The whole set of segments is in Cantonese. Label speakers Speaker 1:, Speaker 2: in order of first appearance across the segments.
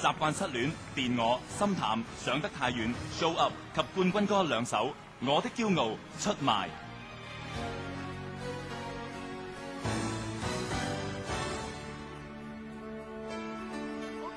Speaker 1: 習慣失戀，電我心淡，想得太遠，show up 及冠軍歌兩首，我的驕傲、出賣。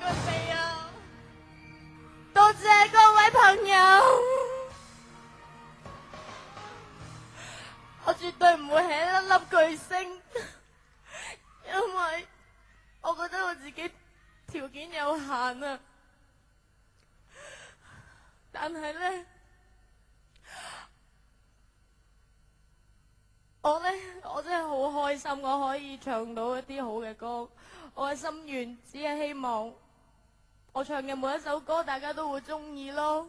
Speaker 2: 好感謝啊！多謝各位朋友，我絕對唔會起一粒巨星，因為我覺得我自己。條件有限啊，但係咧，我咧我真係好開心，我可以唱到一啲好嘅歌。我嘅心願只係希望，我唱嘅每一首歌，大家都會中意咯。